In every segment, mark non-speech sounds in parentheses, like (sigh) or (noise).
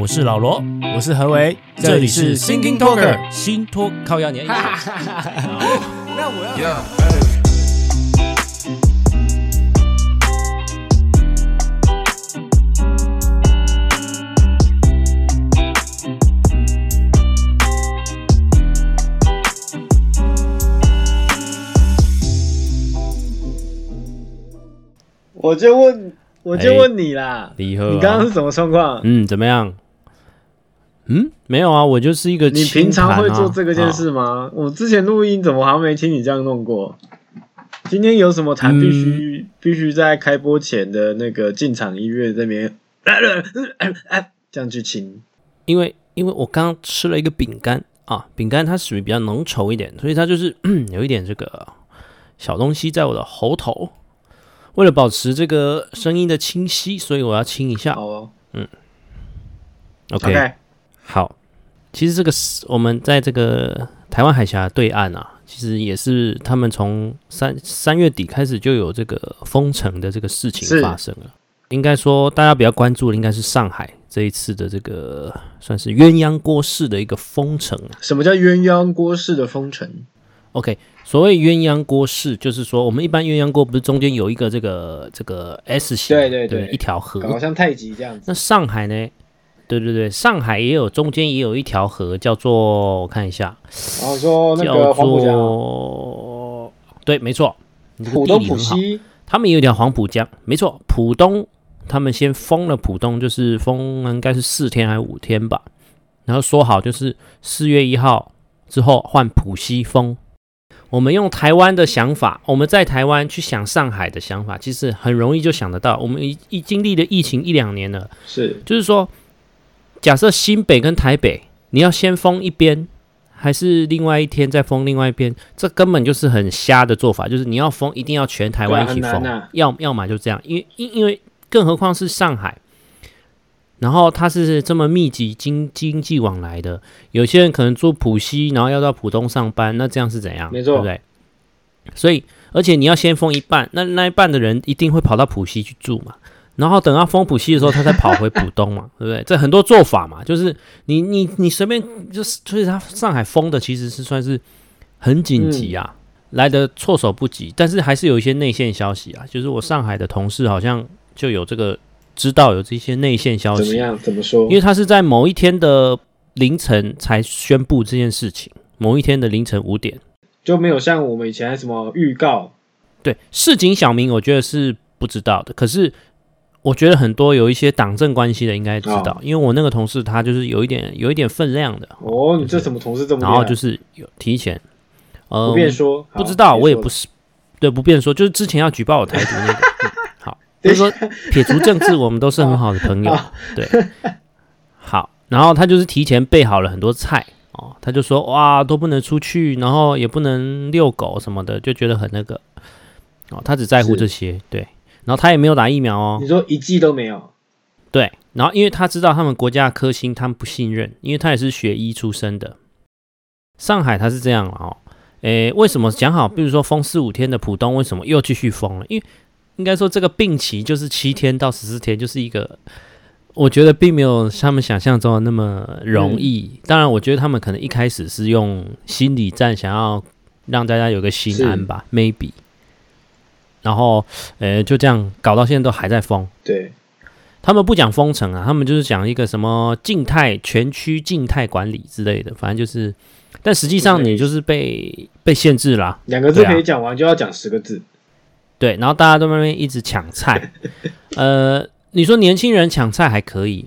我是老羅，我是何維，這裡是 Thinking Talker 新托 talk, 靠壓年、 (laughs) oh, (laughs) (laughs) 那我要 yeah. (noise) 我就問，我就問你啦、哎啊，你剛剛是什麼狀況？嗯，怎麼樣？嗯，沒有啊，我就是一個、啊。你平常會做這個件事嗎？啊，我之前錄音怎麼好像沒聽你這樣弄過？今天有什麼痰必須、嗯、必須在開播前的那個進場音樂這邊、啊啊啊、這樣去清？因為因為我剛吃了一個餅乾啊，餅乾它屬於比較濃稠一點，所以它就是有一點這個小東西在我的喉頭。為了保持這個聲音的清晰，所以我要清一下。好哦，嗯，OK, okay.。好，其實這個是我們在這個台灣海峽對岸啊，其實也是他們從三三月底開始就有這個封城的這個事情發生了。應該說，大家比較關注的應該是上海這一次的這個算是鴛鴦鍋式的一個封城。什麼叫鴛鴦鍋式的封城？OK，所謂鴛鴦鍋式，就是說我們一般鴛鴦鍋不是中間有一個這個這個 S 型？對對對，對，對，一條河，好像太極這樣子。那上海呢？對對對，上海也有，中間也有一條河，叫做我看一下，說那個黃叫黃浦江。對，沒錯，你這個地理，他們也有一條黃浦江，沒錯，浦東，他們先封了浦東，就是封，應該是四天還是五天吧？然後說好，就是四月一號之後換浦西封。我們用台灣的想法，我們在台灣去想上海的想法，其實很容易就想得到。我們一,一經歷了疫情一兩年了，是，就是說。假設新北跟台北，你要先封一邊，還是另外一天再封另外一邊？這根本就是很瞎的做法。就是你要封，一定要全台灣一起封。啊啊、要要麼就這樣，因為因因為更何況是上海，然後它是這麼密集經經濟往來的，有些人可能住浦西，然後要到浦東上班，那這樣是怎樣？沒錯，對不對？所以，而且你要先封一半，那那一半的人一定會跑到浦西去住嘛。然後等到封浦西的時候，他再跑回浦東嘛，對不對？ (laughs) 這很多做法嘛，就是你你你隨便就是。所以，他上海封的其實是算是很緊急啊，嗯、來得措手不及。但是還是有一些內線消息啊，就是我上海的同事好像就有這個知道有這些內線消息。怎麼樣？怎麼說？因為他是在某一天的凌晨才宣布這件事情，某一天的凌晨五點，就沒有像我們以前還什麼預告。對，市井小民我覺得是不知道的，可是。我覺得很多有一些黨政關係的應該知道，哦、因為我那個同事他就是有一點有一點分量的。哦，就是、你這什麼同事這麼？然後就是有提前，呃，不便說，不知道，我也不是對不便說，就是之前要舉報我台獨那個。嗯、好，就是說撇除政治，我們都是很好的朋友對。對，好，然後他就是提前備好了很多菜哦，他就說哇都不能出去，然後也不能遛狗什麼的，就覺得很那個。哦，他只在乎這些，對。然後他也沒有打疫苗哦。你說一劑都沒有？對。然後因為他知道他們國家的科興，他們不信任，因為他也是學醫出身的。上海他是這樣哦。誒，為什麼講好，比如說封四五天的浦東，為什麼又繼續封了？因為應該說，這個病期就是七天到十四天，就是一個，我覺得並沒有像他們想象中的那麼容易。當然，我覺得他們可能一開始是用心理戰，想要讓大家有個心安吧，maybe。然後，呃，就這樣搞到現在都還在封。對，他們不講封城啊，他們就是講一個什麼靜態、全區靜態管理之類的，反正就是，但實際上你就是被被限制了、啊、兩個字、啊、可以講完，就要講十個字。對，然後大家都在那邊一直搶菜， (laughs) 呃，你說年輕人搶菜還可以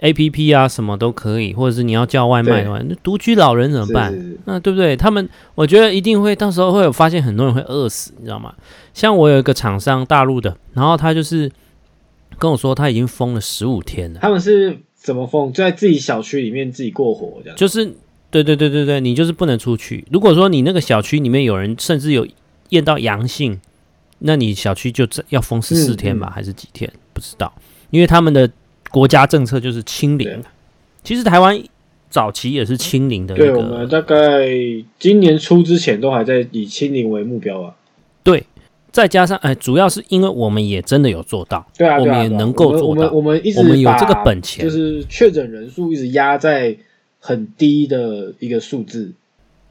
，A P P 啊什麼都可以，或者是你要叫外賣的話，那獨居老人怎麼辦？那、啊、對不對？他們我覺得一定會到時候會有發現，很多人會餓死，你知道嗎？像我有一個廠商，大陸的，然後他就是跟我說，他已經封了十五天了。他們是怎麼封？在自己小區裡面自己過活這樣？就是，對對對對對，你就是不能出去。如果說你那個小區裡面有人，甚至有驗到陽性，那你小區就要封十四天吧、嗯嗯，還是幾天？不知道，因為他們的國家政策就是清零。其實台灣早期也是清零的、那個。對，我們大概今年初之前都還在以清零為目標啊。對。再加上，哎，主要是因為我們也真的有做到，對啊，我們也能夠做到，啊啊我我。我們一直我們有這個本錢，就是確診人數一直壓在很低的一個數字。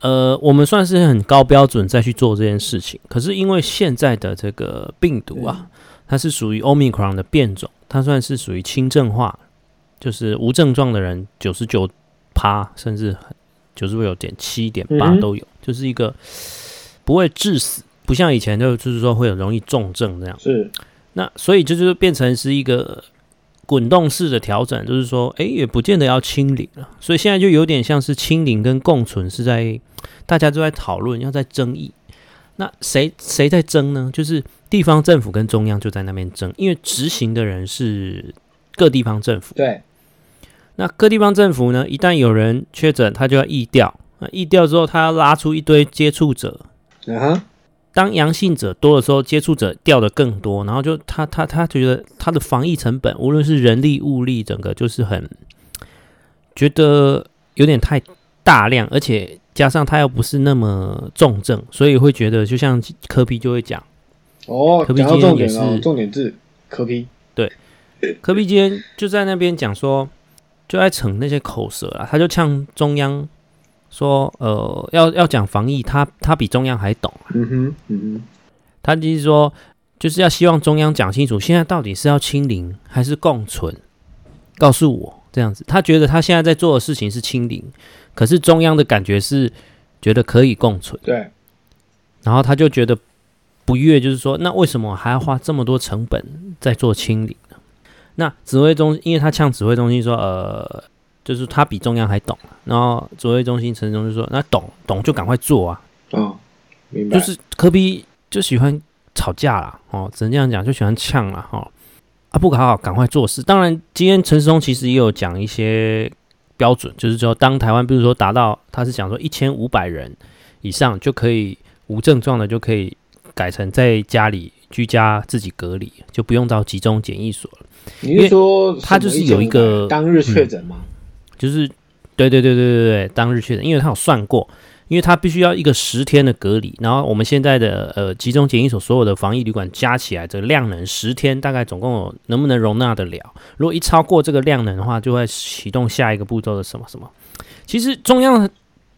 呃，我們算是很高標準再去做這件事情。可是因為現在的這個病毒啊，它是屬於奧密克戎的變種，它算是屬於輕症化，就是無症狀的人九十九趴，甚至九十九點七點八都有，嗯嗯，就是一個不會致死。不像以前就就是說會有容易重症這樣是，那所以就是變成是一個滾動式的調整，就是說，哎，也不見得要清零了。所以現在就有點像是清零跟共存是在大家都在討論，要在爭議。那誰誰在爭呢？就是地方政府跟中央就在那邊爭，因為執行的人是各地方政府。對，那各地方政府呢，一旦有人確診，他就要疫調。那疫調之後，他要拉出一堆接觸者。uh -huh 當陽性者多的時候，接觸者掉的更多，然後就他他他覺得他的防疫成本，無論是人力物力，整個就是很覺得有點太大量，而且加上他又不是那麼重症，所以會覺得就像柯 P 就會講哦，講到重點是，哦、重點是柯 P，對， (laughs) 柯 P 今天就在那邊講說，就愛逞那些口舌啊，他就嗆中央。說呃，要要講防疫，他他比中央還懂啊。嗯哼，嗯哼，他就是說，就是要希望中央講清楚，現在到底是要清零還是共存？告訴我這樣子，他覺得他現在在做的事情是清零，可是中央的感覺是覺得可以共存。對。然後他就覺得不悅，就是說，那為什麼還要花這麼多成本在做清零呢？那指揮中，因為他嗆指揮中心說，呃。就是他比中央還懂，然後主委中心陳時中就說：“那懂懂就趕快做啊！”哦，明白。就是柯 P 就喜歡吵架啦，哦，只能這樣講，就喜歡嗆了哈、哦、啊！不搞好，趕快做事。當然，今天陳時中其實也有講一些標準，就是說，當台灣，比如說達到，他是講說一千五百人以上就可以無症狀的，就可以改成在家裡居家自己隔離，就不用到集中檢疫所了。你是說他就是有一個當日確診嗎？嗯就是，對對對對對對，當日確診，因為他有算過，因為他必須要一個十天的隔離，然後我們現在的呃集中檢疫所所有的防疫旅館加起來，這個量能十天大概總共有能不能容納得了？如果一超過這個量能的話，就會啟動下一個步驟的什麼什麼。其實中央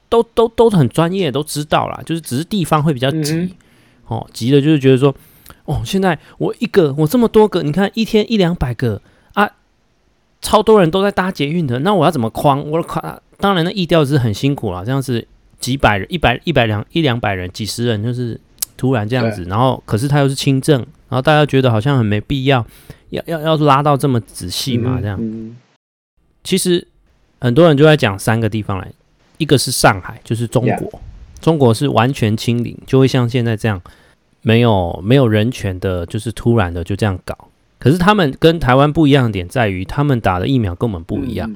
都都都是很專業，都知道啦，就是只是地方會比較急，嗯嗯哦，急的就是覺得說，哦，現在我一個我這麼多個，你看一天一兩百個。超多人都在搭捷運的，那我要怎麼框？我靠！當然那疫調是很辛苦啦。這樣子幾百人、一百、一百兩、一兩百人、幾十人，就是突然這樣子。然後，可是他又是清零，然後大家覺得好像很沒必要，要要要拉到這麼仔細嘛嗯嗯嗯。這樣。其實很多人就在講三個地方來，一個是上海，就是中國，中國是完全清零，就會像現在這樣，沒有沒有人權的，就是突然的就這樣搞。可是他們跟台灣不一樣的點在於，他們打的疫苗跟我們不一樣。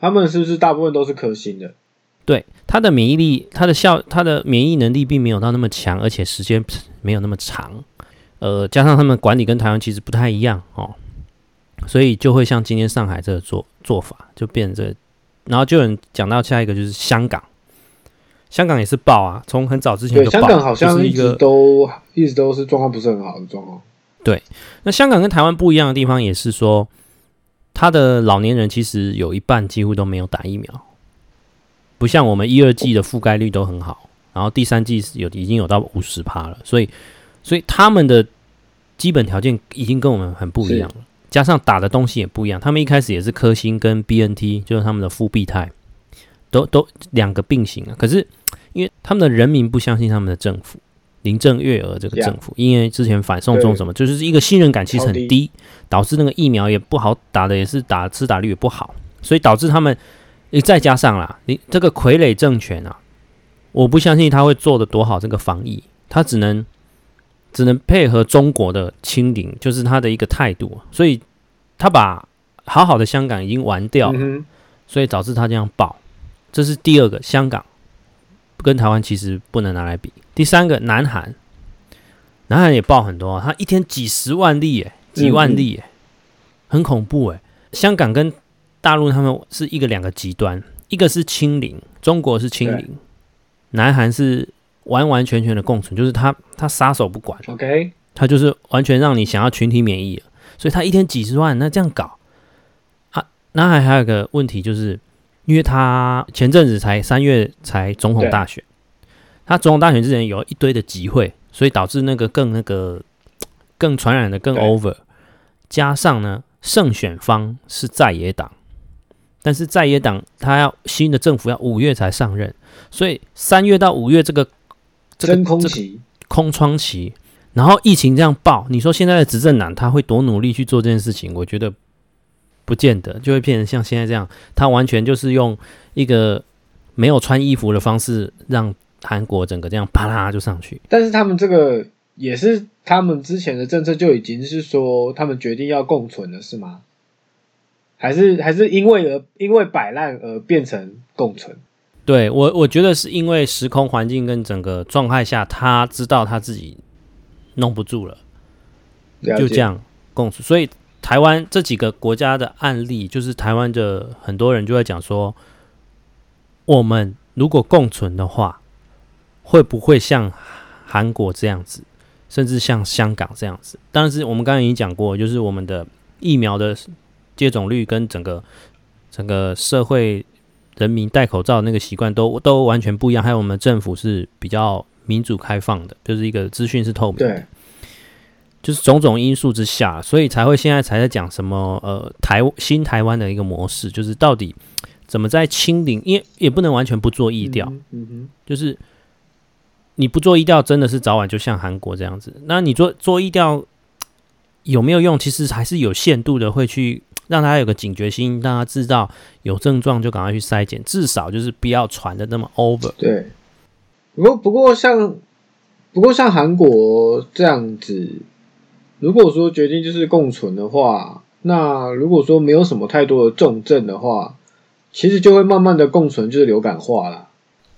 他們是不是大部分都是科興的？對，他的免疫力、他的效、他的免疫能力並沒有到那麼強，而且時間沒有那麼長。呃，加上他們管理跟台灣其實不太一樣哦，所以就會像今天上海這個做做法，就變成。然後就有人講到下一個，就是香港。香港也是爆啊，從很早之前就爆，香港好像一直都一直都是狀況不是很好的狀況。對，那香港跟台灣不一樣的地方也是說，他的老年人其實有一半幾乎都沒有打疫苗，不像我們一二劑的覆蓋率都很好，然後第三劑有已經有到五十趴了，所以所以他們的基本條件已經跟我們很不一樣了，加上打的東西也不一樣，他們一開始也是科興跟 BNT，就是他們的復必泰都都兩個並行啊，可是因為他們的人民不相信他們的政府。林鄭月娥這個政府，yeah, 因為之前反送中什麼，就是一個信任感其實很低,低，導致那個疫苗也不好打的，也是打吃打率也不好，所以導致他們，你再加上啦，你這個傀儡政權啊，我不相信他會做得多好這個防疫，他只能只能配合中國的清零，就是他的一個態度，所以他把好好的香港已經完掉了，了、嗯，所以導致他這樣爆，這是第二個，香港跟台灣其實不能拿來比。第三個，南韓，南韓也爆很多，他一天幾十萬例，誒，幾萬例，誒、嗯嗯，很恐怖，誒，香港跟大陸他們是一個兩個極端，一個是清零，中國是清零，南韓是完完全全的共存，就是他他撒手不管，OK，他就是完全讓你想要群體免疫了，所以他一天幾十萬，那這樣搞，啊，南韓還有個問題，就是因為他前陣子才三月才總統大選。他總統大選之前有一堆的集會，所以導致那個更，那個更傳染的更 over。加上呢，勝選方是在野黨，但是在野黨他要新的政府要五月才上任，所以三月到五月這個這個真空期、這個、空窗期，然後疫情這樣爆，你說現在的執政黨他會多努力去做這件事情？我覺得不見得，就會變成像現在這樣，他完全就是用一個沒有穿衣服的方式讓。韓國整個這樣啪啦就上去，但是他們這個也是他們之前的政策就已經是說他們決定要共存了，是嗎？還是還是因為而因為擺爛而變成共存？對，我我覺得是因為時空環境跟整個狀態下，他知道他自己弄不住了。了解，就這樣共存。所以台灣這幾個國家的案例，就是台灣的很多人就會講說，我們如果共存的話，會不會像韓國這樣子，甚至像香港這樣子？但是我們剛剛已經講過，就是我們的疫苗的接種率跟整個整個社會人民戴口罩那個習慣都都完全不一樣。還有我們政府是比較民主開放的，就是一個資訊是透明的，就是種種因素之下，所以才會現在才在講什麼呃台新台灣的一個模式，就是到底怎麼在清零，因為也不能完全不做疫調，嗯嗯嗯嗯就是。你不做疫調，真的是早晚就像韓國這樣子。那你做做疫調有沒有用？其實還是有限度的，會去讓大家有個警覺心，讓大家知道有症狀就趕快去篩檢，至少就是不要傳的那麼 over。對。不過不過像不過像韓國這樣子，如果說決定就是共存的話，那如果說沒有什麼太多的重症的話，其實就會慢慢的共存，就是流感化了。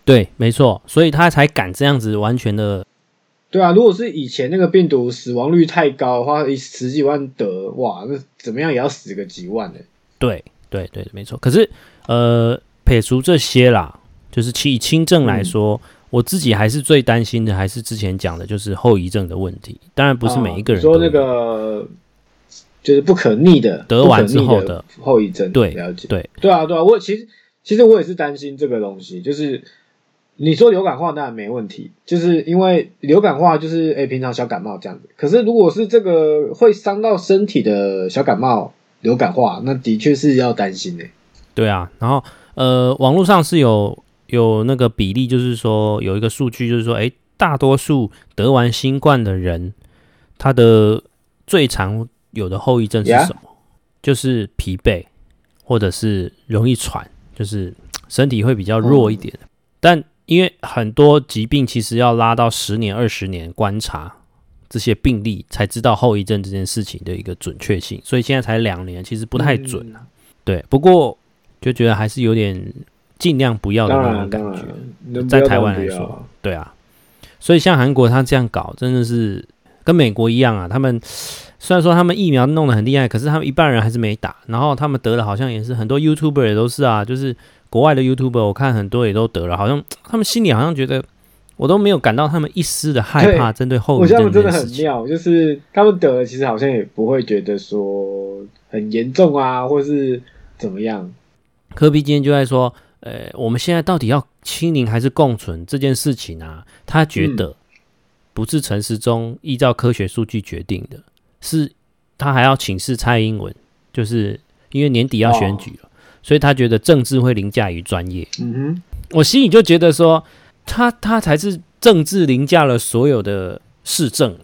對，沒錯，所以他才敢這樣子完全的。對啊，如果是以前那個病毒死亡率太高的話，十幾萬得哇，那怎麼樣也要死個幾萬呢、欸？對，對，對，沒錯。可是，呃，撇除這些啦，就是其以輕症來說、嗯，我自己還是最擔心的，還是之前講的，就是後遺症的問題。當然，不是每一個人。啊、說那個就是不可逆的，得完之後的，的後遺症。對，了解。對，對啊，對啊，我其實其實我也是擔心這個東西，就是。你說流感化當然沒問題，就是因為流感化就是哎、欸、平常小感冒這樣子。可是如果是這個會傷到身體的小感冒、流感化，那的確是要擔心哎、欸。對啊，然後呃網絡上是有有那個比例，就是說有一個數據，就是說誒、欸、大多數得完新冠的人，他的最常有的後遺症是什麼？Yeah. 就是疲憊，或者是容易喘，就是身體會比較弱一點，嗯、但。因為很多疾病其實要拉到十年、二十年觀察這些病例，才知道後遺症這件事情的一個準確性。所以現在才兩年，其實不太準啊。對，不過就覺得還是有點盡量不要的那種感覺，在台灣來說，對啊。所以像韓國他這樣搞，真的是跟美國一樣啊。他們雖然說他們疫苗弄得很厲害，可是他們一半人還是沒打，然後他們得了好像也是很多 YouTuber 也都是啊，就是。國外的 YouTuber 我看很多也都得了，好像他們心裡好像覺得我都沒有感到他們一絲的害怕。針對後這我覺得我真的很妙，就是他們得了其實好像也不會覺得說很嚴重啊，或是怎麼樣。柯 P 今天就在說，呃，我們現在到底要清零還是共存這件事情啊？他覺得不是陳時中依照科學數據決定的，嗯，是他還要請示蔡英文，就是因為年底要選舉了。所以他覺得政治會凌駕於專業。嗯哼，我心裡就覺得說，他他才是政治凌駕了所有的市政。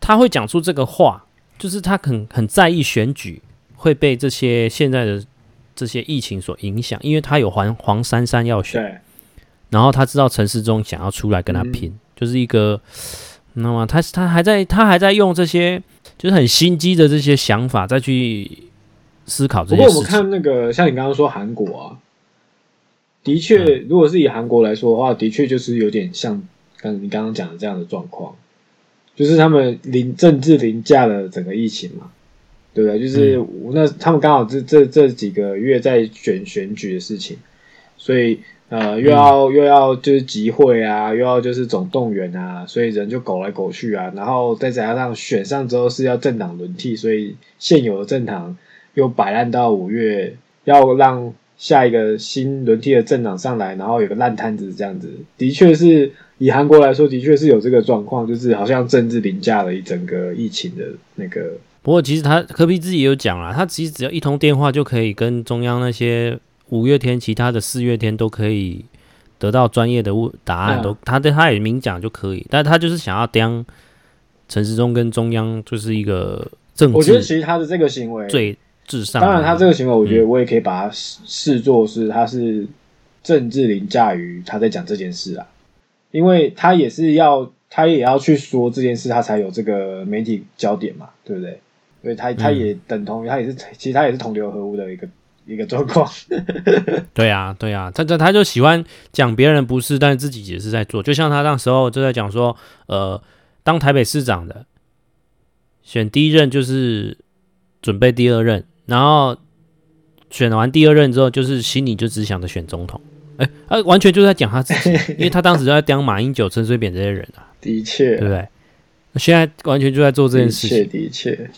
他會講出這個話，就是他很很在意選舉會被這些現在的這些疫情所影響，因為他有黃黃珊珊要選，然後他知道陳時中想要出來跟他拼，嗯、就是一個，你知道、嗯、嗎？他他還在他還在用這些就是很心機的這些想法再去。思考這。不過我們看那個，像你剛剛說韓國啊，的確，如果是以韓國來說的話，的確就是有點像，剛你剛剛講的這樣的狀況，就是他們凌政治凌駕了整個疫情嘛，對不對？就是那他們剛好這這這幾個月在選選舉的事情，所以呃，又要又要就是集會啊，又要就是總動員啊，所以人就搞來搞去啊，然後再加上選上之後是要政黨輪替，所以現有的政黨。又擺爛到五月，要讓下一個新輪替的政黨上來，然後有個爛攤子這樣子，的確是以韓國來說，的確是有這個狀況，就是好像政治凌駕了一整個疫情的那個。不過其實他柯 P 自己有講啦，他其實只要一通電話就可以跟中央那些五月天、其他的四月天都可以得到專業的問答案，嗯、都他對他也明講就可以，但他就是想要將陳時中跟中央就是一個政府。我覺得其實他的這個行為最。至上啊、當然，他這個行為，我覺得我也可以把它視作是他是政治凌駕於他在講這件事啊，因為他也是要他也要去說這件事，他才有這個媒體焦點嘛，對不對？所以他他也等同於他也是其實他也是同流合污的一個一個狀況。對啊對啊，他他他就喜歡講別人不是，但是自己也是在做，就像他那時候就在講說，呃，當台北市長的選第一任就是準備第二任，然後選完第二任之後，就是心裡就只想着選總統，哎，他、啊、完全就是在講他自己， (laughs) 因為他當時就在當馬英九、陳水扁這些人啊，的確、啊，對不對？現在完全就在做這件事情，的確，的確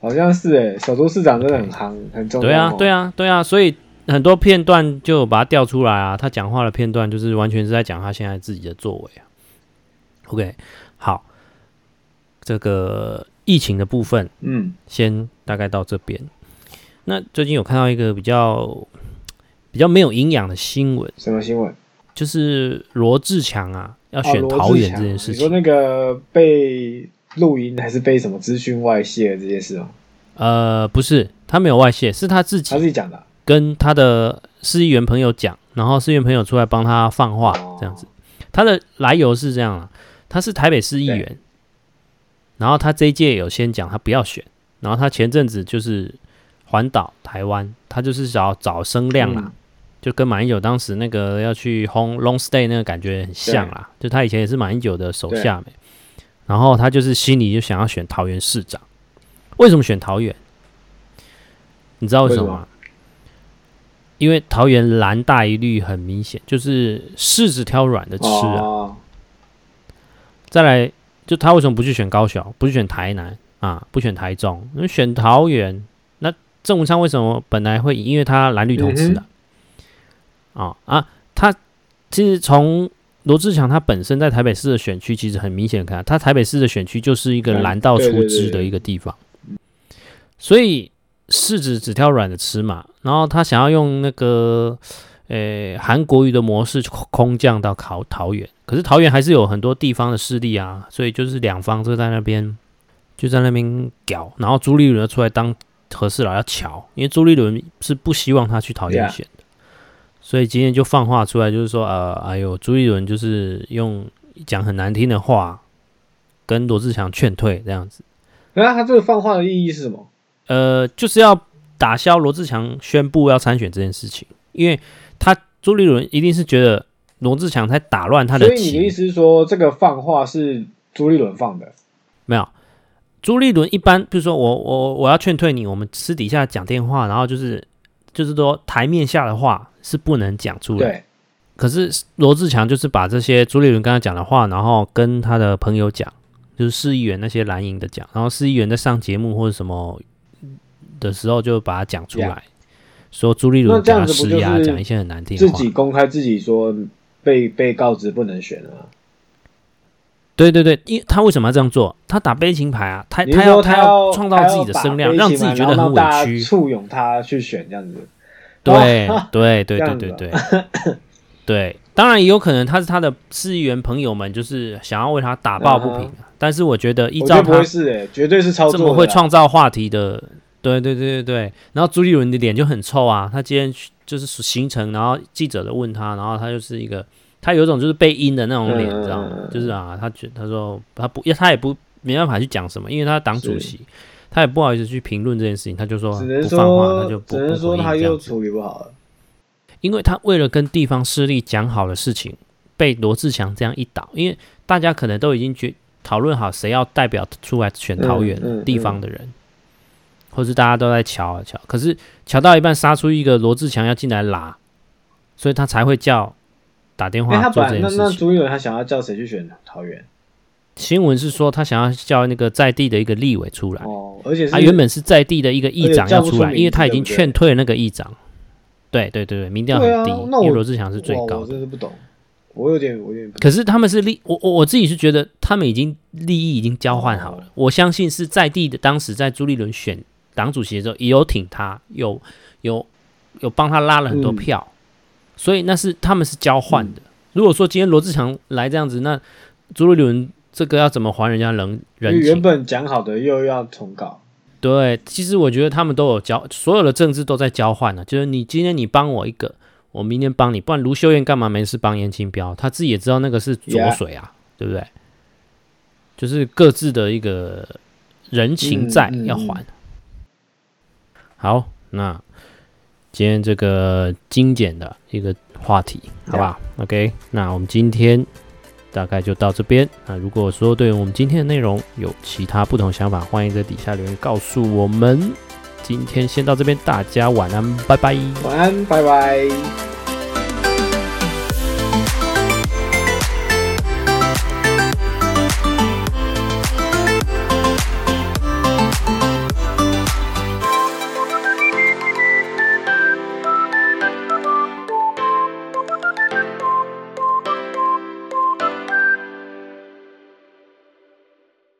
好像是哎、欸，首都市長真的很夯，很重、哦，對啊，對啊，對啊，所以很多片段就把他調出來啊，他講話的片段就是完全是在講他現在自己的作為啊。OK，好，這個疫情的部分，嗯，先。大概到這邊。那最近有看到一個比較比較沒有營養的新聞。什麼新聞？就是羅智強啊，要選桃園這件事情、哦。你說那個被錄音還是被什麼資訊外泄的這件事哦？呃，不是，他沒有外泄，是他自己，他自己講的，跟他的市議員朋友講，然後市議員朋友出來幫他放話這樣子、哦。他的來由是這樣啊，他是台北市議員，然後他這一屆有先講他不要選。然後他前陣子就是環島台灣，他就是想要找聲量啦、嗯，就跟馬英九當時那個要去轟 long stay 那個感覺很像啦，就他以前也是馬英九的手下，然後他就是心裡就想要選桃園市長，為什麼選桃園？你知道為什麼嗎？因為桃園藍大於綠很明顯，就是柿子挑軟的吃啊、哦。再來，就他為什麼不去選高雄，不去選台南？啊，不選台中，那選桃園。那鄭文燦為什麼本來會贏？因為他藍綠通吃啊。嗯、啊他其實從羅智強他本身在台北市的選區，其實很明顯看，他台北市的選區就是一個藍到出汁的一個地方。嗯、對對對對，所以柿子只挑軟的吃嘛。然後他想要用那個呃韓、欸、國瑜的模式空降到考桃園，可是桃園還是有很多地方的勢力啊。所以就是兩方就在那邊。就在那邊搞，然後朱立倫出來當和事佬要喬，因為朱立倫是不希望他去討厭選的，yeah. 所以今天就放話出來，就是說，呃，哎呦，朱立倫就是用講很難聽的話跟羅智強勸退這樣子。然、啊、後他這個放話的意義是什麼？呃，就是要打消羅智強宣布要參選這件事情，因為他朱立倫一定是覺得羅智強在打亂他的。所以你的意思是說，這個放話是朱立倫放的？沒有。朱立倫一般，比如說我我我要勸退你，我們私底下講電話，然後就是就是說台面下的話是不能講出來。對。可是羅智強就是把這些朱立倫剛剛講的話，然後跟他的朋友講，就是市議員那些藍營的講，然後市議員在上節目或者什麼的時候就把他講出來，yeah. 說朱立倫講他施壓，講一些很難聽，自己公開自己說被被告知不能選啊。對對對，因為他為什麼要這樣做？他打悲情牌啊，他他要他要，他要創造自己的聲量，讓自己覺得很委屈，簇擁他去選這樣子。對、哦、對對對對對，對，當然也有可能他是他的市議員朋友們，就是想要為他打抱不平。但是我覺得依照不會是絕對是這麼會創造話題的。對對對對對，然後朱立倫的臉就很臭啊，他今天就是行程，然後記者的問他，然後他就是一個。他有種就是被陰的那種臉，你、嗯、知道嗎？就是啊，他覺他說他不，他也不沒辦法去講什麼，因為他黨主席是，他也不好意思去評論這件事情。他就說，不放話，他就不，只能說他又處理不好了，因為他為了跟地方勢力講好的事情，被羅智強這樣一倒，因為大家可能都已經覺討論好誰要代表出來選桃園、嗯嗯嗯、地方的人，或是大家都在瞧、啊、瞧，可是瞧到一半殺出一個羅智強要進來拉，所以他才會叫。打電話。那那朱立倫他想要叫誰去選桃園？新聞是說他想要叫那個在地的一個立委出來哦，而且他原本是在地的一個議長要出來，因為他已經勸退了那個議長。對對對對，對，民調很低，因為羅志祥是最高的。我有點，我有點。可是他們是利，我我我自己是覺得他們已經利益已經交換好了。我相信是在地的，當時在朱立倫選黨主席的時候，也有挺他，有有有幫他拉了很多票。所以那是他們是交換的、嗯。如果說今天羅智強來這樣子，那朱立倫這個要怎麼還人家人？人情原本講好的又要重搞。對，其實我覺得他們都有交，所有的政治都在交換呢、啊。就是你今天你幫我一個，我明天幫你，不然盧秀燕幹嘛沒事幫顏清標？他自己也知道那個是濁水啊，yeah. 對不對？就是各自的一個人情債要還。嗯嗯嗯、好，那。今天這個精簡的一個話題，Okay. 好吧？OK，那我們今天大概就到這邊。那如果說對我們今天的內容有其他不同想法，歡迎在底下留言告訴我們。今天先到這邊，大家晚安，拜拜。晚安，拜拜。